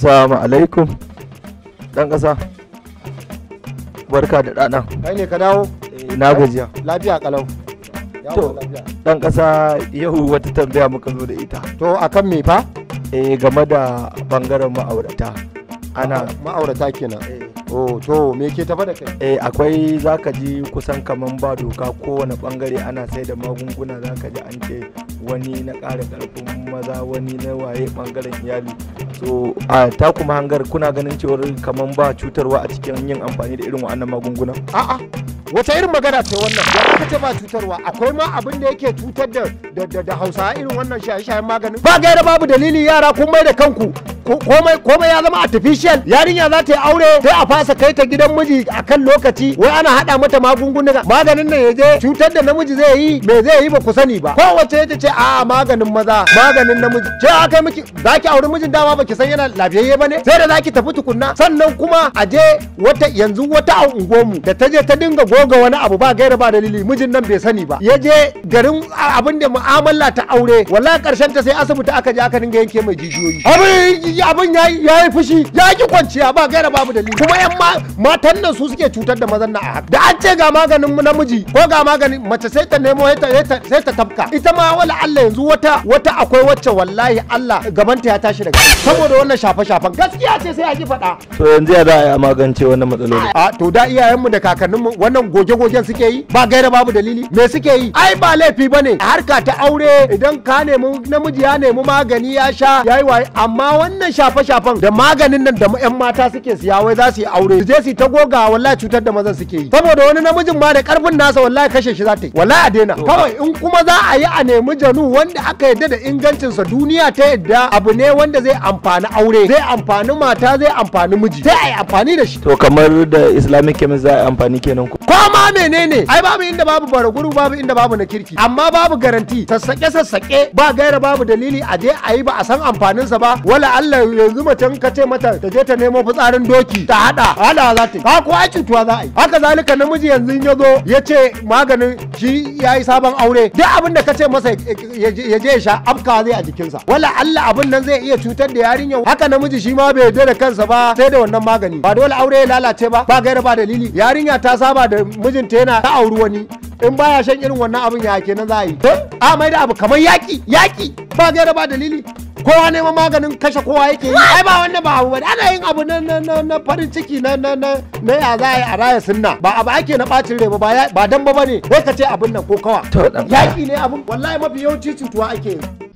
Assalamu alaikum. Dan kasa. Barka da dana Kai ne ka dawo? Eh, na gajiya. Eh, lafiya kalau. To, dan kasa yau wata tambaya muka zo da ita. To, akan me fa? Eh game da bangaren ma'aurata. Ana ah, ma'aurata kenan. Oh, to me ke tafa da kai? Eh akwai zaka ji kusan kaman ba doka kowane bangare ana sai da magunguna zaka ji an ce wani na ƙara ƙarfin maza wani na waye bangaren iyali so a ta kuma hangar kuna ganin cewar kamar ba cutarwa a cikin yin amfani da irin wa'annan magungunan a'a wata irin magana ce wannan ya aka ce ba cutarwa akwai ma abin da yake cutar da da hausa irin wannan shaye-shayen maganin ba gaira babu dalili yara kun mai da kanku komai komai ya zama artificial yarinya za ta yi aure sai a fasa kai ta gidan miji akan lokaci wai ana hada mata magunguna maganin nan yaje cutar da namiji zai yi me zai yi ba ku sani ba kowace ta ce a maganin maza maganin namiji ce aka miki zaki auri mijin dama baki san yana lafiyayye bane sai da zaki tafi tukunna sannan kuma a je wata yanzu wata a unguwarmu da ta je ta dinga goga wani abu ba gaira ba dalili mijin nan bai sani ba ya je garin abin da mu'amala ta aure wallahi karshen ta sai asibiti aka je aka dinga yanke mai jijiyoyi abin abin ya yi fushi ya ki kwanciya ba gaira babu dalili kuma yan matan nan su suke cutar da mazan na a haka da an ce ga maganin namiji ko ga maganin mace sai ta nemo sai ta tafka ita ma wala Allah yanzu wata wata akwai wacce wallahi Allah gabanta ya tashi daga saboda wannan shafe-shafen gaskiya ce sai a ki faɗa. to yanzu ya da a magance wannan matsaloli. a to da iyayenmu da kakanninmu wannan goge-gogen suke yi ba gaira babu dalili me suke yi ai ba laifi bane harka ta aure idan ka nemi namiji ya nemi magani ya sha yayi waye amma wannan wannan shafe-shafen da maganin nan da yan mata suke siya wai za su yi aure su je su ta goga wallahi cutar da mazan suke yi saboda wani namijin ma da karfin nasa wallahi kashe shi za ta yi wallahi a daina kawai in kuma za a yi a nemi janu wanda aka yadda da ingancinsa duniya ta yadda abu ne wanda zai amfani aure zai amfani mata zai amfani miji sai a yi amfani da shi to kamar da islamic chemist za a yi amfani kenan ko ma menene ai babu inda babu baraguru babu inda babu na kirki amma babu garanti sassaƙe sassaƙe ba gaira babu dalili a je a yi ba a san amfaninsa ba wala Allah Allah yanzu mace ka ce mata ta je ta nemo fitsarin doki ta hada hada za ta yi ka ko aiki cutuwa za a yi haka zalika namiji yanzu ya zo ya ce maganin shi ya yi sabon aure duk abin da ka ce masa ya je ya sha afka zai a jikinsa wala Allah abin nan zai iya cutar da yarinya haka namiji shi ma bai yarda da kansa ba sai da wannan magani ba dole aure ya lalace ba ba gaira ba dalili yarinya ta saba da mijinta yana ta auri wani in baya shan irin wannan abin ya ke nan za a yi eh, a mai da abu kamar yaki yaki ba gaira ba dalili kowa neman maganin kashe kowa yake yi ai ba wannan ba abu ba ana yin abu na na na farin ciki na na na na ya za a raya sunna ba abu ake na bacin rai ba ba dan ba bane wai ka ce abin nan ko kawa yaki ne abun wallahi mafi yawanci cutuwa ake yi